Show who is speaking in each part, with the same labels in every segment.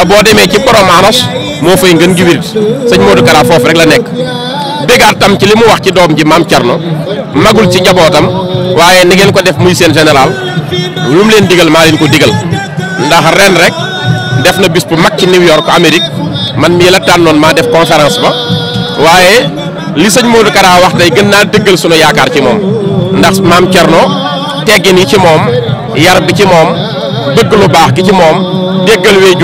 Speaker 1: te boo demee ci borom anos moo fay ngën gi sëñ Modou Kara foofu rek la nekk déggaat tam ci li mu wax ci doom ji maam Thierno magul ci njabootam waaye ni ngeen ko def muy seen général lu leen digal maa leen ko digal ndax ren rek def na bis bu mag ci New York Amérique man mii la tànnoon maa def conférence ba waaye li sëñ Modou Kara wax day gën naa dëggal sunu yaakaar ci moom ndax maam Thierno teggin yi ci moom yar bi ci moom bëgg lu baax gi ci moom déggal wee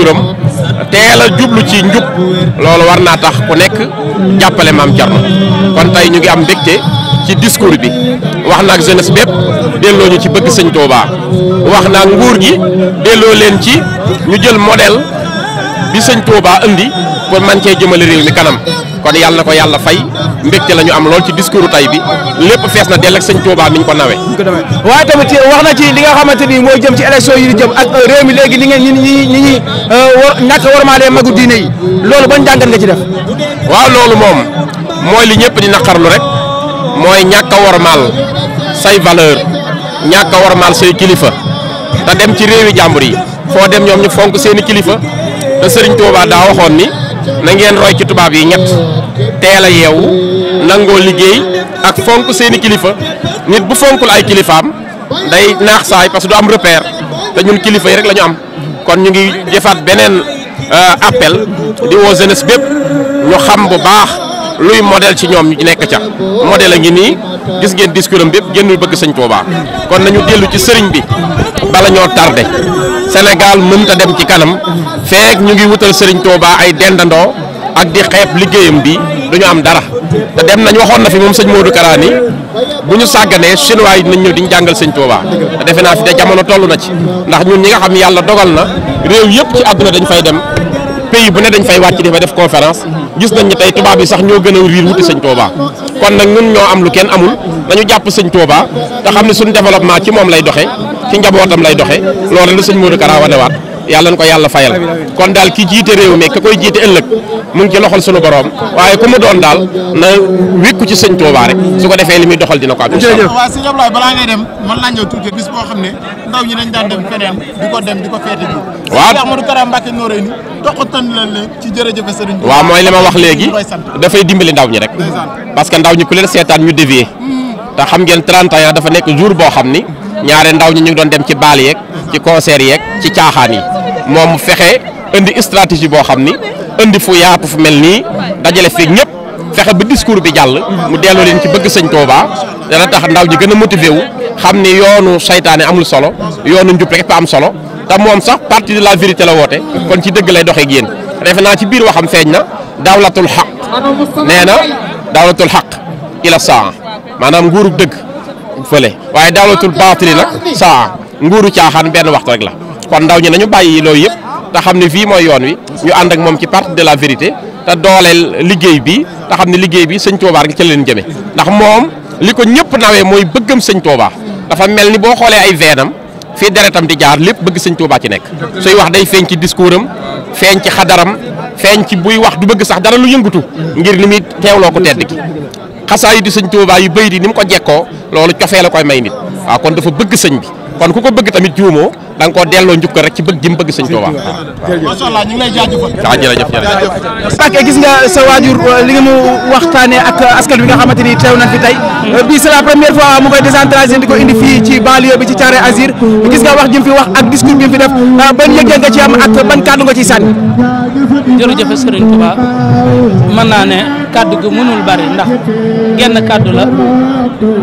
Speaker 1: teel a jublu ci njub loolu war naa tax ku nekk jàppale maam Thierno kon tey ñu ngi am mbégte ci discours bi wax na ak jeunesse bépp delloo ñu ci bëgg sëñ Touba wax naa ak nguur gi delloo leen ci ñu jël model bi sëñ Touba indi pour man cee jëmale réew mi kanam kon yàlla na ko yàlla fay. mbégte la ñu am lool ci discours tay bi lépp fees na dell ak sëñ Touba mi ñu nawe waaye tamit wax na ci li nga xamante ni mooy jëm ci élection yi di jëm ak euh, réew mi léegi li ngeen ñi ñi ñi ñi war ñàkk warmaalee magu diine yi loolu ban jàngat nga ci def waaw loolu moom mooy li ñëpp di naqarlu rek mooy ñàkk a warmaal say valeur ñàkk a warmaal say kilifa te dem ci réewi jàmbur yi foo dem ñoom ñu fonk seeni kilifa te sëriñ Touba daa waxoon ni na ngeen yi ñett teel a nangoo liggéey ak fonk seeni kilifa nit bu fonkul ay kilifaam day naax saay parce que du am repère te ñun kilifa yi rek lañu am kon ñu ngi jëfaat beneen euh, appel di woo bépp ñu xam bu baax luy modèle ci ñoom ñu nekk ca modèle a ngi nii gis ngeen discours am bépp génnul bëgg sëñ Tuubaa kon nañu dellu ci sëriñ bi bala ñoo tardé Sénégal mënta dem ci kanam feek ñu ngi wutal sëriñ Tuubaa ay dendandoo ak di xeeb liggéeyam bi duñu am dara te dem nañ waxoon na fi moom sëñ Modou Kara ni bu ñu sàgganee chinois yi dinañ ñëw di ñu jàngal sëñ Touba te defe naa fi de jamono toll na ci ndax ñun ñi nga xam yàlla dogal na réew yëpp ci àdduna dañ fay dem pays bu ne dañ fay wàcc di fa def conférence gis nañ ni tey tubaab yi sax ñoo gën a riir wuti sëñ Touba kon nag ñun ñoo am lu kenn amul nañu jàpp sëñ Touba te xam ne suñu développement ci moom lay doxe ci njabootam lay doxe loolu la sëñ Modou Kara wanewaat yàlla na ko yàlla fayal kon daal ki jiite réew mi ka koy jiite ëllëg mu ngi ci loxol sunu borom waaye ku mu doon daal na wékku ci sëñ Touba rek su ko defee li muy doxal dina ko am. jërëjëf waaw bis boo xam ne ndaw ñi dañ daan dem feneen di waaw mooy li ma wax léegi dafay dimbali ndaw ñi rek. parce que ndaw ñi ku leen seetaan ñu dévier mm-hmm. te xam ngeen 31 dafa nekk jour boo xam ni ñaare ndaw ñi ñu ngi doon dem ci baal yeeg ci concert yeeg ci caaxaan yi moom mu fexe indi stratégie boo xam ni indi fu yaatu fu mel nii dajale fi ñëpp fexe ba discours bi jàll. mu delloo leen ci bëgg sëñ Touba. dana tax ndaw ñi gën a motivé wu xam ni yoonu saytaane amul solo yoonu njub rek am solo te moom sax parti de la vérité la woote. kon ci dëgg lay doxee génn yéen. defe naa ci biir waxam feeñ na dawlatul xaq nee na dawlatul xaq ila saa maanaam nguuru dëgg fële waaye dawlatul baatili nag saa nguuru caaxaan benn waxtu rek la. kon ndaw ñi nañu bàyyi loolu yëpp te xam ne fii mooy yoon wi ñu ànd ak moom ci parti de la vérité te dooleel liggéey bi te xam ne liggéey bi sëñ Touba rek ci leen jëme ndax moom li ko ñëpp nawee mooy bëggam sëñ Touba dafa mel ni boo xoolee ay veenam fii deretam di jaar lépp bëgg sëñ Touba ci nekk suy wax day feeñ ci discours am feeñ ci xadaram feeñ ci buy wax du bëgg sax dara lu yëngatu ngir ni muy teewloo ko tedd gi xasaa yi di sëñ Touba yi bëy di ni mu ko jekkoo loolu cofee la koy may nit kon dafa bëgg sëñ bi kon ku ko bëgg tamit juumoo da nga koo delloo njukka rek ci bëgg gi mu bëgg sëñ Tuubaa macha Allah ñu ngi lay jaajëfal nga sa waajur euh, li nga ñu waxtaanee ak askan wi nga xamante ni teew nañ fi tey euh, bii c'est la première fois mu koy décentraliser di ko indi fii ci banlieue bi ci Thiaré Azir gis nga wax ji mu fi wax ak discours bi mu fi def euh, ban yëg-yëg nga ci am ak ban kàddu nga ciy sànni
Speaker 2: jërëjëf Sëriñ Tuubaa mën naa ne kàddu gi mënul bari ndax genn kàddu la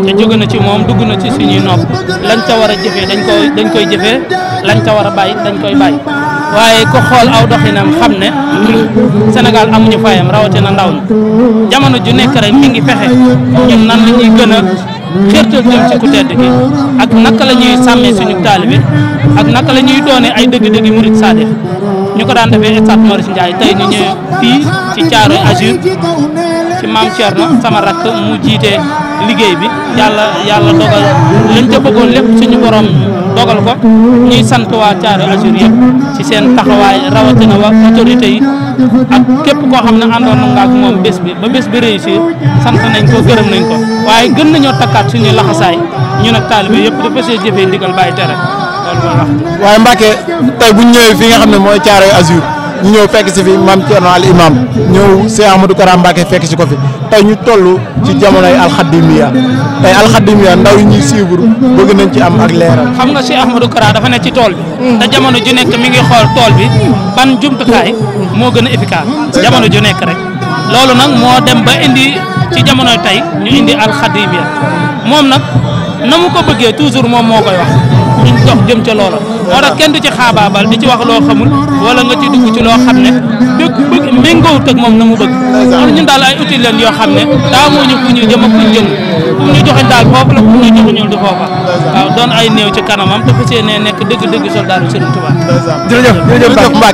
Speaker 2: te jóge na ci moom dugg na ci suñuy nopp lañ ca war a jëfee dañ koy dañ koy jëfee lañ ca war a bàyyi dañ koy bàyyi waaye ko xool aw doxinam xam ne senegal amuñu fayam rawatina ndaw ñi jamono ju nekk rek mi ngi fexe ñun nan la ñuy xeertal jëm ci ku tedd gi ak naka la ñuy sàmmee suñu taalibe ak naka la ñuy doonee ay dëgg-dëgg murit saadix ñu ko daan defee stade Maurice Ndiaye tey ñu ñëw fii ci Caaroy Azur ci maam Thierno sama rakk mu jiite liggéey bi yàlla yàlla dogal lañ ca bëggoon lépp ñu borom dogal ko ñuy sant waa Caaroy Azur yëpp ci seen taxawaay rawatina wa autorité yi. ak képp koo xam ne àndoon na nga ak moom bés bi ba bés bi réussir sant nañ ko gërëm nañ ko waaye gën nañoo takkaat suñuy laxasaay ñun ak taalibe yëpp dafa see jëfee ndigal bàyyi tere loolu mooy wax.
Speaker 1: waaye Mbacke tey bu ñu ñëwee fi nga xam ne mooy Thiaroye Azur ñu ñëw fekk si fi maam Thierno al imam ñëw Cheikh Ahmadou Kara Mbacké fekk si ko fi tey ñu toll ci jamonoy alxadimiya tey alxadimiya ndaw yi ñuy suivre bëgg nañ ci am ak leeral.
Speaker 2: xam nga Cheikh Ahmadou Kara dafa nekk ci tool bi. Mm. te jamono ju nekk mi ngi xool tool bi ban jumtukaay moo gën a efficace jamono ju nekk rek loolu nag moo dem ba indi ci jamonoy tey ñu indi alxadimiya moom nag na mu ko bëggee toujours moom moo koy wax. di dox jëm ca loola moo tax kenn du ci xaabaabal di ci wax xamul wala nga ci dugg ci xam ne dëgg bëgg méngoowut ak moom na mu bëgg loolu ñun daal ay outil yoo xam ne daa moo ñu fu ñu jëm ak fu ñu jëm fu ñu joxe daal foofu la fu ñu joxuñul du foofa waaw doon ay néew ci kanamam te fas yéenee nekk dëgg-dëgg soldat bu Serigne